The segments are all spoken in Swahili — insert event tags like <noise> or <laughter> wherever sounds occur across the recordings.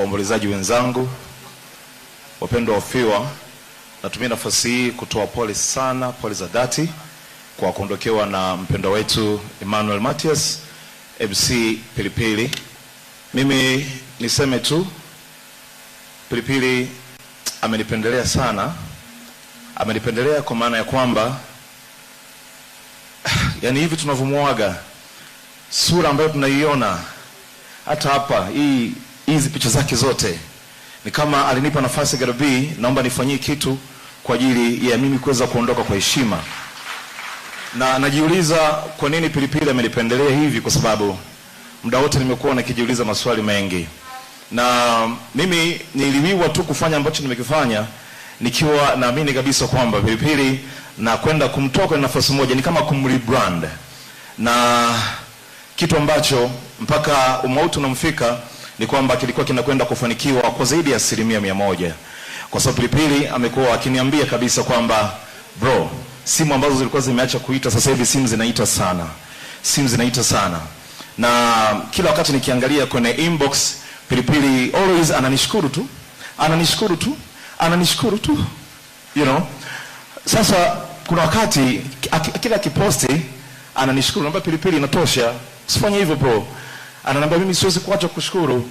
waombolezaji wenzangu, wapendwa wafiwa, natumia nafasi hii kutoa pole sana, pole za dhati kwa kuondokewa na mpendwa wetu Emmanuel Matias MC Pilipili. Mimi niseme tu Pilipili amenipendelea sana, amenipendelea kwa maana ya kwamba <sighs> yani hivi tunavyomwaga sura ambayo tunaiona hata hapa hii hizi picha zake zote. Ni kama alinipa nafasi Garabii, naomba nifanyie kitu kwa ajili ya mimi kuweza kuondoka kwa heshima, na najiuliza kwa nini Pilipili amelipendelea hivi, kwa sababu muda wote nimekuwa nikijiuliza maswali mengi, na mimi niliwiwa tu kufanya ambacho nimekifanya nikiwa naamini kabisa kwamba Pilipili na kwenda kumtoa kwenye nafasi moja ni kama kumrebrand na kitu ambacho mpaka umauti unamfika ni kwamba kilikuwa kinakwenda kufanikiwa kwa zaidi ya asilimia mia moja kwa sababu Pilipili amekuwa akiniambia kabisa kwamba bro, simu ambazo zilikuwa zimeacha kuita sasa hivi simu zinaita sana, simu zinaita sana, na kila wakati nikiangalia kwenye inbox Pilipili always ananishukuru tu, ananishukuru tu, ananishukuru tu, you know. Sasa kuna wakati kila kiposti ananishukuru, naomba Pilipili, inatosha, usifanye hivyo bro ananiambia mimi siwezi kuacha kushukuru.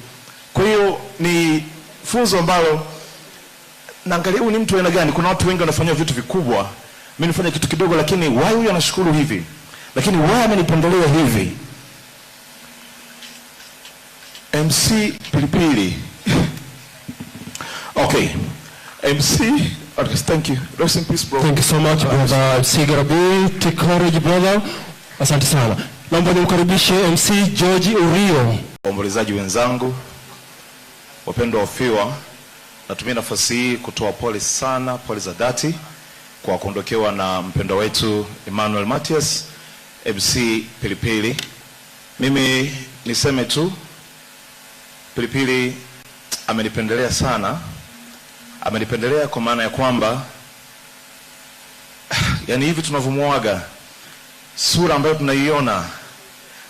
Kwa hiyo ni funzo ambalo naangalia huyu ni mtu aina gani. Kuna watu wengi wanafanya vitu vikubwa, mimi nifanya kitu kidogo, lakini why huyu anashukuru hivi, lakini why amenipendelea hivi. MC Pilipili <laughs> okay, MC Thank you. Rest in peace, bro. Thank you so much, brother. Sigarabu, take courage, brother. Asante sana. Naomba nimkaribishe MC George Urio. Waombolezaji wenzangu, wapendwa wafiwa, natumia nafasi hii kutoa pole sana, pole za dhati kwa kuondokewa na mpendwa wetu Emmanuel Matias MC Pilipili. Mimi niseme tu Pilipili amenipendelea sana, amenipendelea kwa maana ya kwamba <sighs> yani hivi tunavyomwaga sura ambayo tunaiona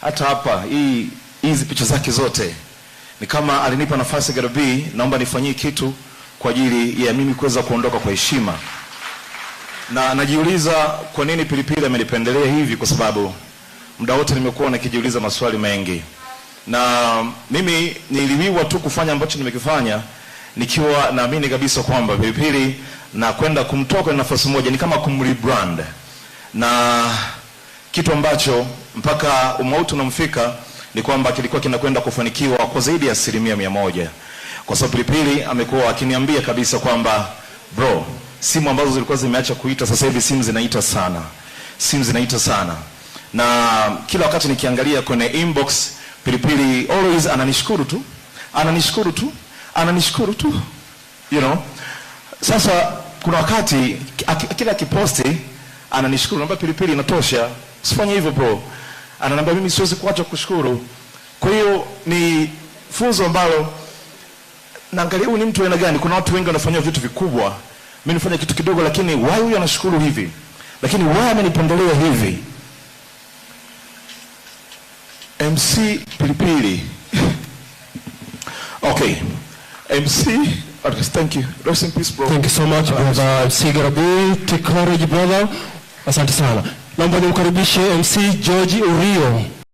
hata hapa hii hizi picha zake zote ni kama alinipa nafasi Garabii, naomba nifanyie kitu kwa ajili ya mimi kuweza kuondoka kwa heshima, na najiuliza kwa nini Pilipili amenipendelea hivi, kwa sababu muda wote nimekuwa nikijiuliza maswali mengi, na mimi niliwiwa tu kufanya ambacho nimekifanya nikiwa naamini kabisa kwamba Pilipili na kwenda kumtoa kwenye nafasi moja ni kama kumrebrand na kitu ambacho mpaka umauti unamfika ni kwamba kilikuwa kinakwenda kufanikiwa kwa zaidi ya asilimia mia moja kwa sababu Pilipili amekuwa akiniambia kabisa kwamba bro, simu ambazo zilikuwa zimeacha kuita sasa hivi simu zinaita sana, simu zinaita sana, na kila wakati nikiangalia kwenye inbox Pilipili always ananishukuru tu, ananishukuru tu, ananishukuru tu, you know. Sasa kuna wakati kila akiposti ananishukuru, naomba Pilipili, inatosha. Sifanye hivyo bro. Ananiambia mimi siwezi kuacha kushukuru. Kwa hiyo ni funzo ambalo naangalia huyu ni mtu aina gani. Kuna watu wengi wanafanya vitu vikubwa, mimi nifanya kitu kidogo, lakini why huyu anashukuru hivi, lakini why amenipendelea hivi. MC Pilipili <laughs> okay. MC Artist, thank you. Rest in peace, bro. Thank you so much, brother. MC Garabi, take courage, brother. Asante sana. Naomba nimkaribishe MC George Urio.